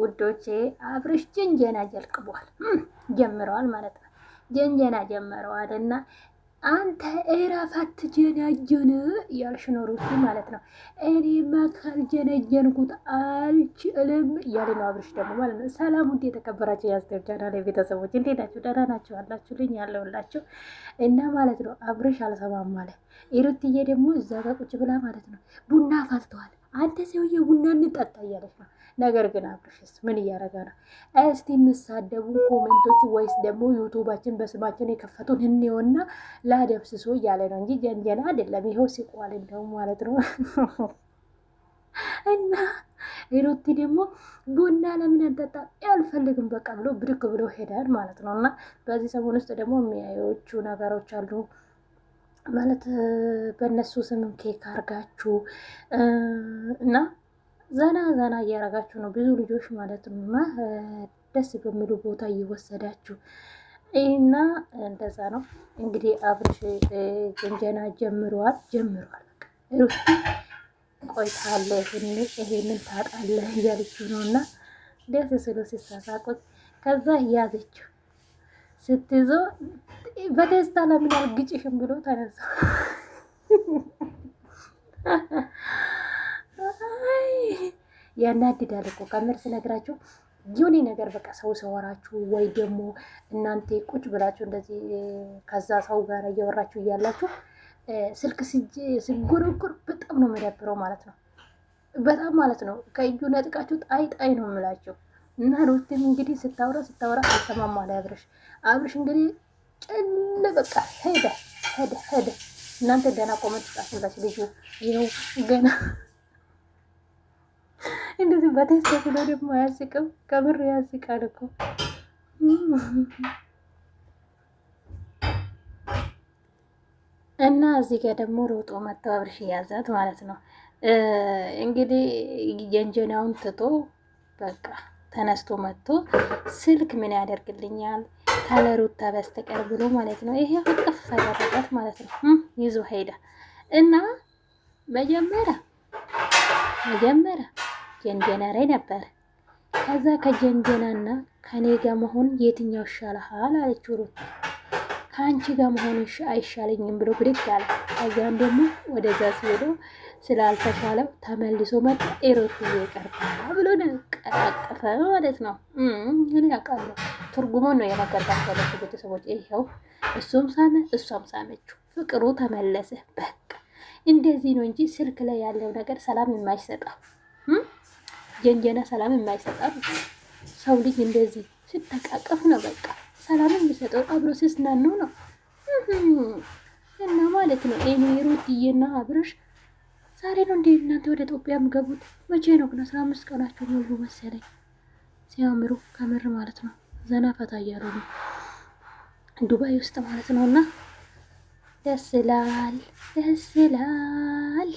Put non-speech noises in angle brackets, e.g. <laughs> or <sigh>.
ውዶቼ አብርሽ ጀንጀና ጀልቅቧል ጀምረዋል ማለት ነው። ጀንጀና ጀምረዋል እና አንተ እራፋት ጀናጀን እያልሽ ኖሩት ማለት ነው። እኔ እኔማ ካልጀነጀንኩት አልችልም እያለ ነው አብርሽ ደግሞ ማለት ነው። ሰላም ውድ የተከበራቸው ላይ ቤተሰቦች እንዴት ናቸው? ደህና ናቸው አላችሁልኝ? ያለውላቸው እና ማለት ነው አብርሽ አልሰማም ማለት ሩትዬ ደግሞ እዛ ጋ ቁጭ ብላ ማለት ነው ቡና ፈልተዋል አንተ ሰውዬ ቡና እንጠጣ እያለች ነው። ነገር ግን አብርሽስ ምን እያደረገ ነው? እስቲ የምሳደቡ ኮሜንቶች ወይስ ደግሞ ዩቱባችን በስማችን የከፈቱን እንየውና ላደብስሶ እያለ ነው እንጂ ጀንጀና አይደለም። ይኸው ሲቋል እንደው ማለት ነው። <laughs> እና ሄሮቲ ደግሞ ቡና ለምን አንጠጣ ያልፈልግም በቃ ብሎ ብድክ ብሎ ሄዳል ማለት ነው። እና በዚህ ሰሞን ውስጥ ደግሞ የሚያዩቹ ነገሮች አሉ ማለት በእነሱ ስምም ኬክ አርጋችሁ እና ዘና ዘና እያረጋችሁ ነው። ብዙ ልጆች ማለት ነው ደስ በሚሉ ቦታ እየወሰዳችሁ እና እንደዛ ነው እንግዲህ አብርሽ ጀንጀና ጀምሯል ጀምሯል። ቆይታለህ ይሄንን ታጣለ እያለችው ነው እና ደስ ስሎ ሲሳሳቆች ከዛ እያዘችው ስትይዞ በደስታ ለምን አልግጭሽም ብሎ ተነሳ። ያናድዳል እኮ ከምር ስነግራችሁ የሆነ ነገር በቃ ሰው ሰወራችሁ ወይ ደግሞ እናንተ ቁጭ ብላችሁ እንደዚህ ከዛ ሰው ጋር እያወራችሁ እያላችሁ ስልክ ስጉርጉር በጣም ነው የሚደብረው ማለት ነው። በጣም ማለት ነው። ከእጁ ነጥቃችሁ ጣይ ጣይ ነው የምላችሁ። እና ሩትም እንግዲህ ስታወራ ስታወራ አልሰማም አለ አብርሽ። አብርሽ እንግዲህ ጭል በቃ ሄደ ሄደ ሄደ። እናንተ ገና ቆመት ጣፍላች ልጁ ይኸው ገና እንደዚህ በቴስት ስለ ደግሞ አያስቅም። ከምር ያስቃል እኮ እና እዚህ ጋር ደግሞ ሮጦ መጥቶ አብርሽ ያዛት ማለት ነው እንግዲህ የእንጀናውን ትቶ በቃ ተነስቶ መጥቶ ስልክ ምን ያደርግልኛል ካለ ሩታ በስተቀር ብሎ ማለት ነው። ይሄ አቅፍ አደረጋት ማለት ነው። ይዞ ሄደ እና መጀመሪያ መጀመሪያ ጀንጀናሬ ነበር። ከዛ ከጀንጀናና ከኔ ጋር መሆን የትኛው ይሻልሃል አለችው ሩታ። ከአንቺ ጋር መሆን አይሻለኝም ብሎ ብድግ አለ። ከዚያም ደግሞ ወደዛ ሲሄደው ስላልተሻለው ተመልሶ መጣ። ኤሮት ይቀርባል ብሎ ነው ተቀላቀፈ ማለት ነው። ግን ያውቃሉ ትርጉሙን ነው የመገርባት ያለች ቤተሰቦች። ይኸው እሱም ሳመ እሷም ሳመችው፣ ፍቅሩ ተመለሰ። በቃ እንደዚህ ነው እንጂ ስልክ ላይ ያለው ነገር ሰላም የማይሰጣ ጀንጀና ሰላም የማይሰጣ ሰው ልጅ እንደዚህ ሲተቃቀፍ ነው በቃ ሰላም የሚሰጠው አብሮ ሲስናኑ ነው እና ማለት ነው ትዬና አብርሽ ዛሬ ነው እንዴ እናንተ ወደ ኢትዮጵያ የምገቡት? መቼ ነው ግን? አስራ አምስት ቀናቸው ሞሉ መሰለኝ። ሲያምሩ ከምር ማለት ነው። ዘና ፈታ እያሉ ነው ዱባይ ውስጥ ማለት ነው። እና ደስ ይላል፣ ደስ ይላል።